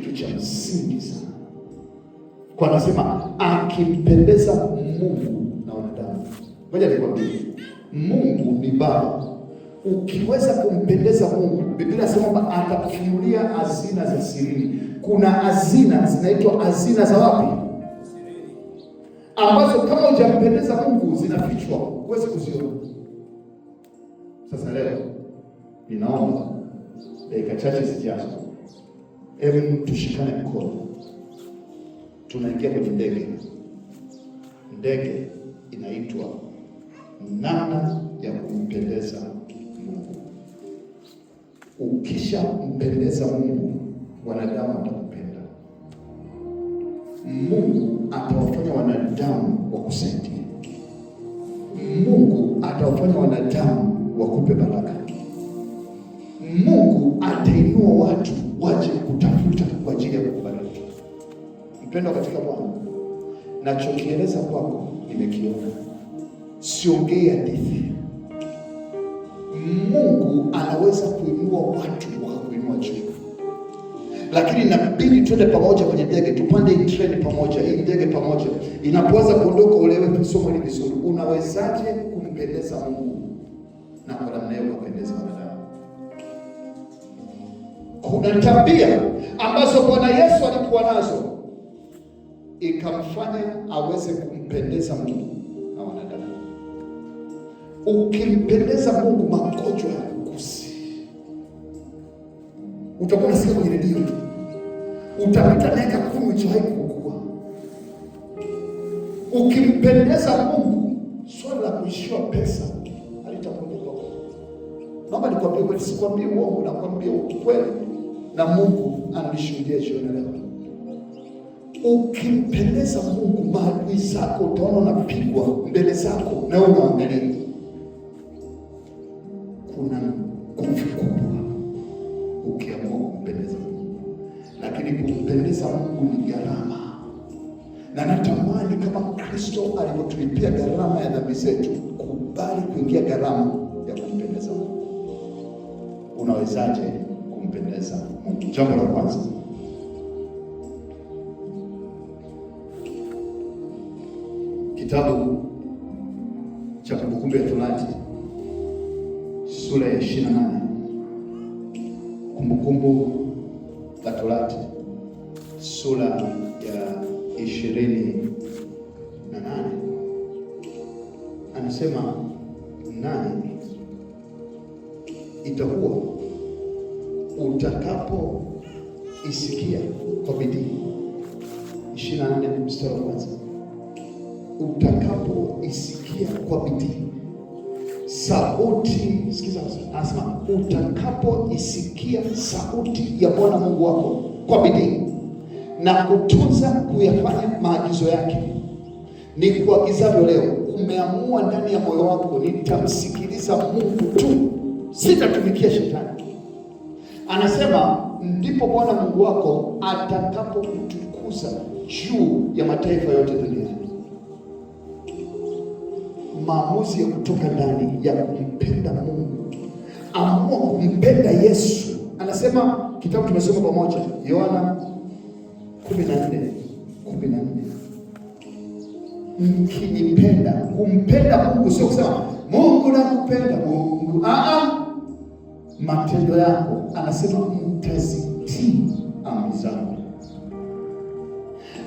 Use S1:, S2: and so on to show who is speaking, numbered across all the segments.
S1: kitu cha msingi sana, kwa anasema akimpendeza Mungu na wanadamu. Ngoja nikwambie, Mungu ni Baba. Ukiweza kumpendeza Mungu, Biblia inasema kwamba atakufunulia hazina za sirini. Kuna hazina zinaitwa hazina za wapi, ambazo kama hujampendeza Mungu zinafichwa, huwezi kuziona. Sasa leo ninaomba dakika chache zijazo Hebu tushikane mkono, tunaingia kwenye ndege. Ndege inaitwa namna ya kumpendeza Mungu. Ukishampendeza Mungu, wanadamu atakupenda, Mungu atawafanya wanadamu wakusaidie, Mungu atawafanya wanadamu wakupe baraka atainua watu waje kutafuta kwa ajili ya kukubariki. Mpendwa katika Bwana, nachokieleza kwako nimekiona, siongee hadithi. Mungu anaweza kuinua watu wakakuinua juu, lakini inabidi twende pamoja kwenye ndege, tupande hii treni pamoja, hii ndege pamoja. Inapoanza kuondoka, ulewe kisomo hili vizuri, unawezaje kumpendeza Mungu na kwa namna hiyo kumpendeza wanadamu? Kuna tabia ambazo Bwana Yesu alikuwa nazo ikamfanya aweze kumpendeza Mungu na wanadamu. Ukimpendeza Mungu, magonjwa hayakugusi. Utakuwa unasikia kwenye redio, utapita miaka kumi ujawahi Ukimpendeza Mungu, swala la kuishiwa pesa halitakuwa. Naomba nikwambie kweli, sikwambie uongo, nakwambia ukweli na Mungu analishuhudia jioni leo. Ukimpendeza Mungu, maadui zako utaona unapigwa mbele zako, na wewe unaangalia. Kuna nguvu kubwa ukiamua kumpendeza Mungu, lakini kumpendeza Mungu ni gharama, na natamani kama Kristo alivyotulipia gharama ya dhambi zetu, kubali kuingia gharama ya kumpendeza Mungu. Unawezaje? kumpendeza Mungu. Jambo la kwanza kitabu cha Kumbukumbu ya Torati sura ya 28. Kumbukumbu la Torati sura ya 28 na anasema nane itakuwa utakapoisikia kwa bidii. ishirini na ni mstari wa kwanza, utakapoisikia kwa bidii sauti. Sikiza, anasema utakapoisikia sauti ya Bwana Mungu wako kwa bidii na kutunza kuyafanya maagizo yake ni kuagizavyo leo. Umeamua ndani ya moyo wako, nitamsikiliza Mungu tu, sitatumikia shetani. Anasema ndipo Bwana Mungu wako atakapokutukuza juu ya mataifa yote duniani. Maamuzi ya kutoka ndani ya kumpenda Mungu, amua kumpenda Yesu. Anasema kitabu tumesoma pamoja, Yohana 14 14, mkinipenda. Kumpenda Mungu sio kusema Mungu nakupenda Mungu, ah ah matendo yako, anasema mtazitii amri zangu.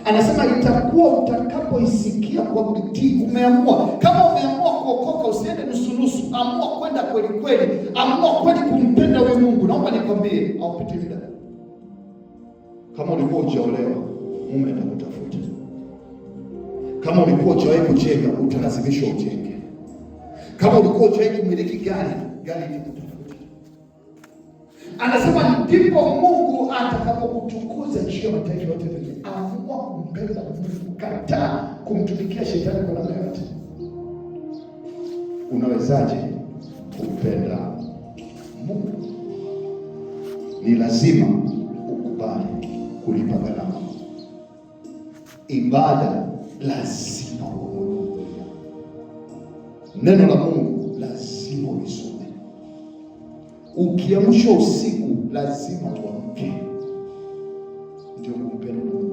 S1: Anasema itakuwa utakapoisikia kwa kutii. Umeamua, kama umeamua kuokoka, usiende nusunusu, amua kwenda kweli kweli, amua kweli kumpenda huyu Mungu. Naomba nikwambie, aupiti muda kama ulikuwa ujaolewa, mume atakutafuta. Kama ulikuwa ujawahi kujenga, utalazimishwa ujenge. Kama ulikuwa ujawahi kumiliki gari, gari anasema ndipo Mungu atakapokutukuza juu ya mataifa yote duniani. Anaamua kumpenda, kukataa kumtumikia shetani kwa namna yote. Unawezaje kumpenda Mungu? Ni lazima ukubali kulipa gharama. Ibada lazima, neno la Mungu ukiamsha usiku, lazima uamke. Ndio kumpenda Mungu.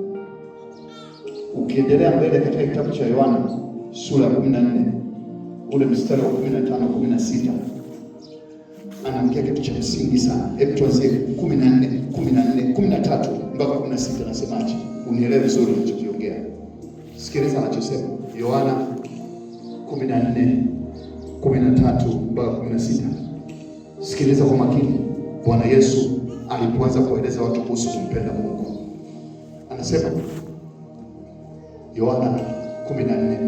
S1: Ukiendelea mbele katika kitabu cha Yohana sura ya 14 ule mstari wa 15 16, anaongea kitu cha msingi sana. Hebu tuanzie 14 14 13 mpaka 16, anasemaje? Unielewe vizuri ninachokiongea, sikiliza anachosema Yohana 14 13 mpaka 16. Sikiliza kwa makini. Bwana Yesu alipoanza kueleza watu kuhusu kumpenda Mungu, anasema Yohana 14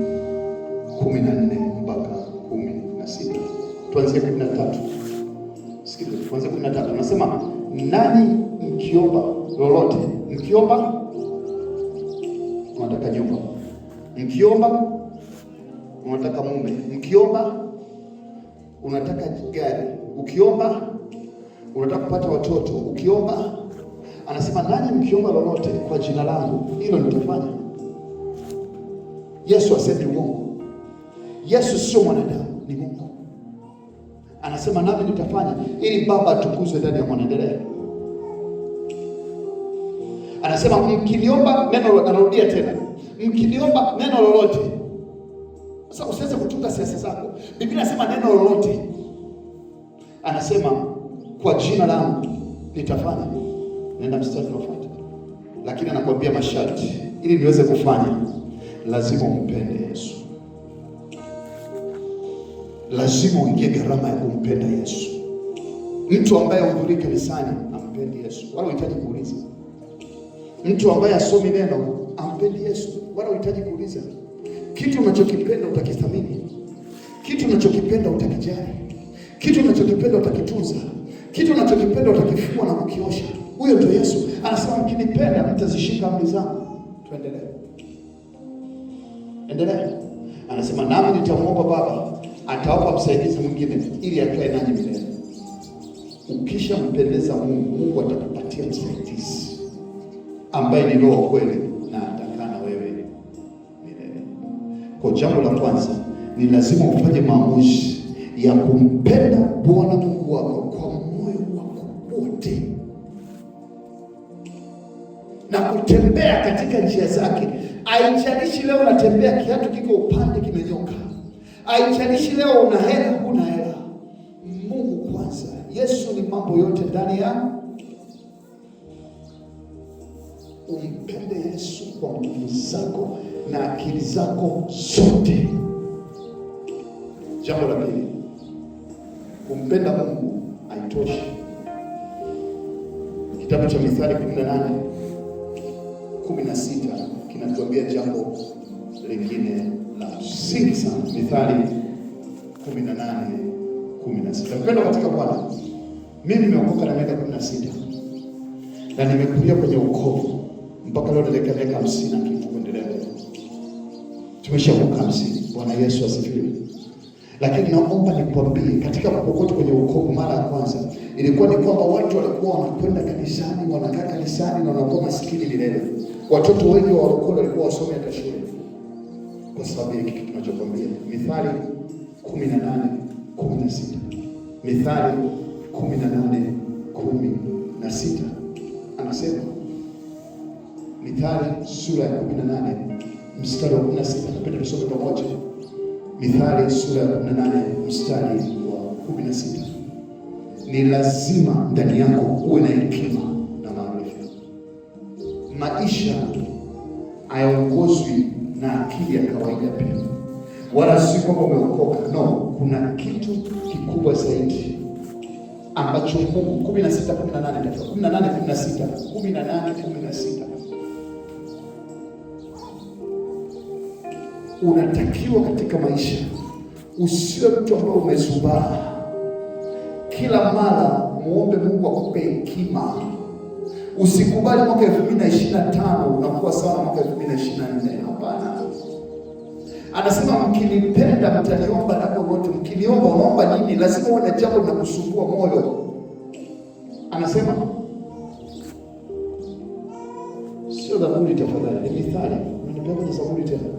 S1: 14 mpaka 16. Tuanzie 13. Sikiliza, tuanze 13. Anasema nani, mkiomba lolote, mkiomba unataka nyumba, mkiomba unataka mume, mkiomba unataka gari, ukiomba unataka kupata watoto, ukiomba anasema nani mkiomba lolote kwa jina langu hilo nitafanya. Yesu asemi uongo. Yesu sio mwanadamu, ni Mungu. Anasema nami nitafanya ili Baba atukuzwe ndani ya mwanaendelea. Anasema mkiniomba neno, anarudia tena, mkiniomba neno lolote sasa usiweze kutunga siasa zako. Biblia inasema neno lolote, anasema kwa jina langu nitafanya. Nenda mstari unaofuata, lakini anakuambia masharti, ili niweze kufanya lazima umpende Yesu, lazima uingie gharama ya kumpenda Yesu. Mtu ambaye hudhurii kanisani ampendi Yesu, wala uhitaji kuuliza. Mtu ambaye asomi neno ampendi Yesu, wala uhitaji kuuliza. Kitu unachokipenda utakithamini, kitu unachokipenda utakijali, kitu unachokipenda utakitunza, kitu unachokipenda utakifua na kukiosha. Huyo ndio Yesu anasema, mkinipenda mtazishika amri zangu. Tuendelee, endelea Anasema, nami nitamwomba Baba, atawapa msaidizi mwingine, ili akae nanyi milele. Ukishampendeza Mungu, Mungu atakupatia msaidizi ambaye ni Roho kweli Jambo la kwanza ni lazima ufanye maamuzi ya kumpenda Bwana Mungu wako kwa moyo wako wote na kutembea katika njia zake. Haijalishi leo unatembea kiatu kiko upande kimenyoka, haijalishi leo una hela huna hela. Mungu kwanza, Yesu ni mambo yote ndani ya umpende Yesu kwa nguvu zako na akili zako zote. Jambo la pili, kumpenda Mungu haitoshi. Kitabu cha Mithali 18 16 kinatuambia jambo lingine la msingi sana. Mithali 18 16. Mpendwa katika Bwana, mimi nimeokoka na miaka 16 na nimekulia kwenye ukovu mpaka leo nilekea miaka hamsini Tumeshavuka hamsini. Bwana Yesu asifiwe. Lakini naomba nikwambie, katika kukokota kwenye ukovu mara ya kwanza ilikuwa ni kwamba watu walikuwa wanakwenda kanisani, wanakaa kanisani na wanakuwa maskini milele. Watoto wengi wa ukoo walikuwa wasome hata shule, kwa sababu ya kitu tunachokwambia. Mithali kumi na nane kumi na sita Mithali kumi na nane kumi na sita anasema Mithali sura ya kumi na nane mstari wa 16, napenda tusome pamoja Mithali sura ya 18 mstari wa 16. Ni lazima ndani yako uwe na hekima na maarifa. Maisha hayaongozwi na akili ya kawaida pia, wala si kwamba umeokoka. No, kuna kitu kikubwa zaidi ambacho Mungu 16 18 16 18 16 unatakiwa katika maisha usiwe mtu ambaye umezubaa. Kila mara muombe Mungu akupe hekima. Usikubali mwaka 2025 unakuwa sawa mwaka 2024. Hapana, anasema mkinipenda mtaniomba nako wote. Mkiniomba, unaomba nini? Lazima uwe na jambo linakusumbua moyo. Anasema sio Zaburi, tafadhali, ni Mithali, tena